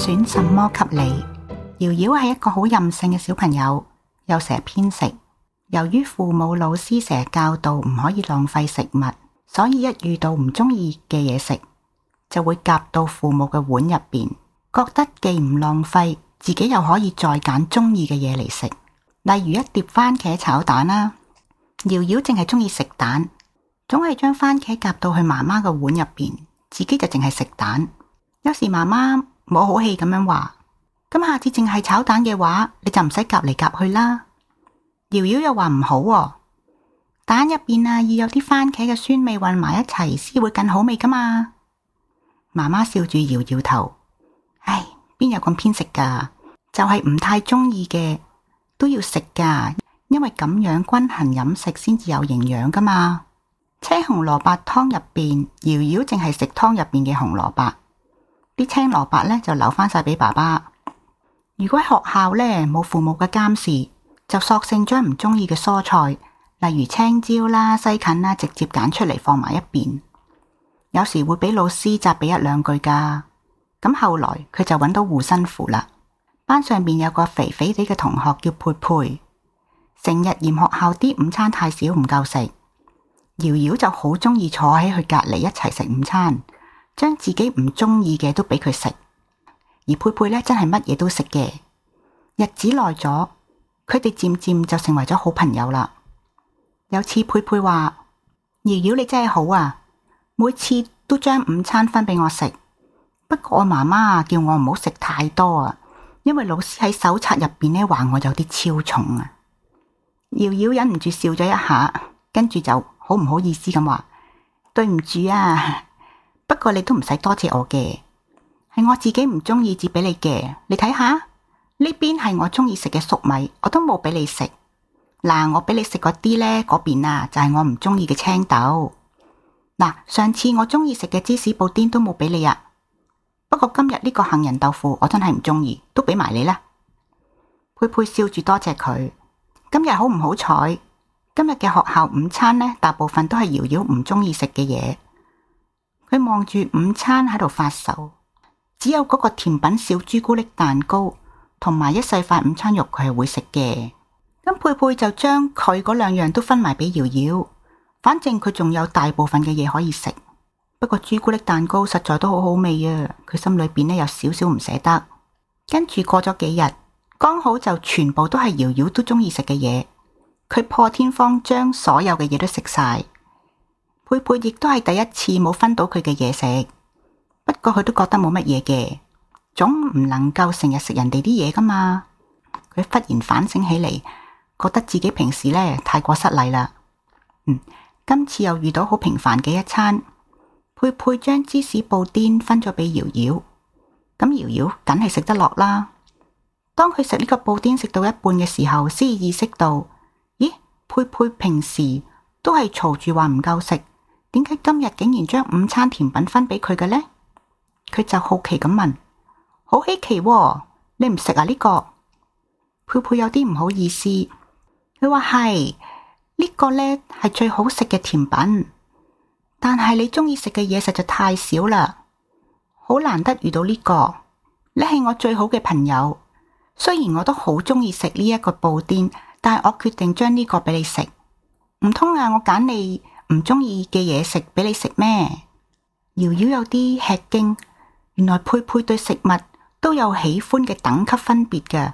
選什麼給你？瑤瑤係一個好任性嘅小朋友，又成日偏食。由於父母、老師成日教導唔可以浪費食物，所以一遇到唔中意嘅嘢食，就會夾到父母嘅碗入邊，覺得既唔浪費，自己又可以再揀中意嘅嘢嚟食。例如一碟番茄炒蛋啦，瑤瑤淨係中意食蛋，總係將番茄夾到去媽媽嘅碗入邊，自己就淨係食蛋。有時媽媽冇好氣咁樣話，咁下次淨係炒蛋嘅話，你就唔使夾嚟夾去啦。瑤瑤又話唔好啊，蛋入邊啊要有啲番茄嘅酸味混埋一齊，先會更好味噶嘛。媽媽笑住搖搖頭，唉，邊有咁偏食噶？就係唔太中意嘅都要食噶，因為咁樣均衡飲食先至有營養噶嘛。青紅蘿蔔湯入邊，瑤瑤淨係食湯入邊嘅紅蘿蔔。啲青蘿蔔咧就留翻晒俾爸爸。如果喺學校咧冇父母嘅監視，就索性將唔中意嘅蔬菜，例如青椒啦、西芹啦，直接揀出嚟放埋一邊。有時會俾老師責備一兩句噶。咁後來佢就揾到護身符啦。班上邊有個肥肥哋嘅同學叫佩佩，成日嫌學校啲午餐太少唔夠食，瑤瑤就好中意坐喺佢隔籬一齊食午餐。將自己唔中意嘅都俾佢食，而佩佩咧真係乜嘢都食嘅。日子耐咗，佢哋漸漸就成為咗好朋友啦。有次佩佩話：瑤瑤你真係好啊，每次都將午餐分俾我食。不過我媽媽叫我唔好食太多啊，因為老師喺手冊入邊呢話我有啲超重啊。瑤瑤忍唔住笑咗一下，跟住就好唔好意思咁話：對唔住啊。不過你都唔使多謝我嘅，係我自己唔中意至俾你嘅。你睇下呢邊係我中意食嘅粟米，我都冇俾你食。嗱，我俾你食嗰啲咧，嗰邊啊就係我唔中意嘅青豆。嗱，上次我中意食嘅芝士布丁都冇俾你啊。不過今日呢個杏仁豆腐我真係唔中意，都俾埋你啦。佩佩笑住多謝佢。今日好唔好彩？今日嘅學校午餐呢，大部分都係瑤瑤唔中意食嘅嘢。佢望住午餐喺度發愁，只有嗰個甜品小朱古力蛋糕同埋一細塊午餐肉，佢係會食嘅。咁佩佩就將佢嗰兩樣都分埋俾瑤瑤，反正佢仲有大部分嘅嘢可以食。不過朱古力蛋糕實在都好好味啊。佢心裏邊呢有少少唔捨得。跟住過咗幾日，剛好就全部都係瑤瑤都鍾意食嘅嘢，佢破天荒將所有嘅嘢都食晒。佩佩亦都係第一次冇分到佢嘅嘢食，不過佢都覺得冇乜嘢嘅，總唔能夠成日食人哋啲嘢㗎嘛。佢忽然反省起嚟，覺得自己平時咧太過失禮啦。嗯，今次又遇到好平凡嘅一餐，佩佩將芝士布丁分咗俾瑤瑤，咁瑤瑤梗係食得落啦。當佢食呢個布丁食到一半嘅時候，先意識到，咦，佩佩平時都係嘈住話唔夠食。點解今日竟然將午餐甜品分俾佢嘅呢？佢就好奇咁問，好稀奇。哦，你唔食啊，呢個？佩佩有啲唔好意思，佢話，係呢個呢係最好食嘅甜品，但係你中意食嘅嘢實在太少啦，好難得遇到呢個。你係我最好嘅朋友，雖然我都好中意食呢一個布甸，但係我決定將呢個俾你食。唔通啊，我揀你？唔鍾意嘅嘢食畀你食咩？瑤瑤有啲吃驚，原來佩佩對食物都有喜歡嘅等級分別嘅，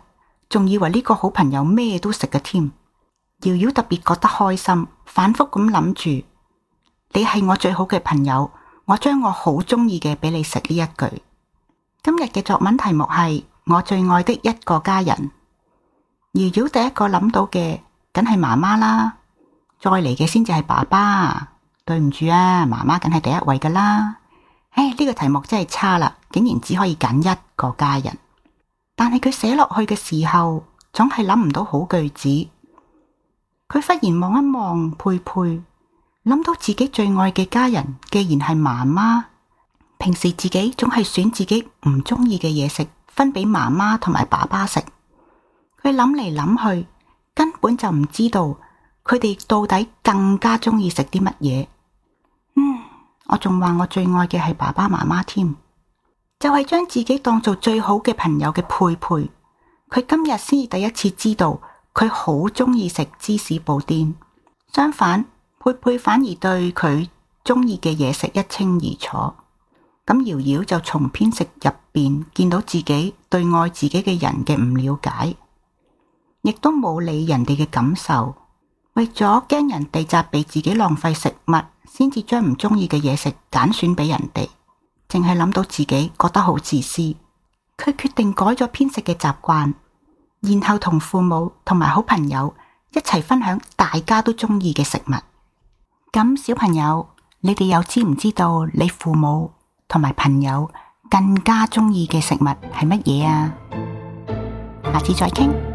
仲以為呢個好朋友咩都食嘅添。瑤瑤特別覺得開心，反復咁諗住：你係我最好嘅朋友，我將我好鍾意嘅畀你食呢一句。今日嘅作文題目係我最愛的一個家人，瑤瑤第一個諗到嘅梗係媽媽啦。再嚟嘅先至係爸爸，對唔住啊，媽媽梗係第一位噶啦。唉，呢個題目真係差啦，竟然只可以揀一個家人。但係佢寫落去嘅時候，總係諗唔到好句子。佢忽然望一望佩佩，諗到自己最愛嘅家人，既然係媽媽，平時自己總係選自己唔中意嘅嘢食分俾媽媽同埋爸爸食。佢諗嚟諗去，根本就唔知道。佢哋到底更加鍾意食啲乜嘢？嗯，我仲話我最愛嘅係爸爸媽媽添，就係將自己當做最好嘅朋友嘅佩佩，佢今日先至第一次知道佢好鍾意食芝士布甸。相反，佩佩反而對佢鍾意嘅嘢食一清二楚。咁瑤瑤就從偏食入邊見到自己對愛自己嘅人嘅唔了解，亦都冇理人哋嘅感受。為咗驚人哋責備自己浪費食物，先至將唔中意嘅嘢食揀選俾人哋，淨係諗到自己覺得好自私。佢決定改咗偏食嘅習慣，然後同父母同埋好朋友一齊分享大家都中意嘅食物。咁小朋友，你哋又知唔知道你父母同埋朋友更加中意嘅食物係乜嘢啊？下次再傾。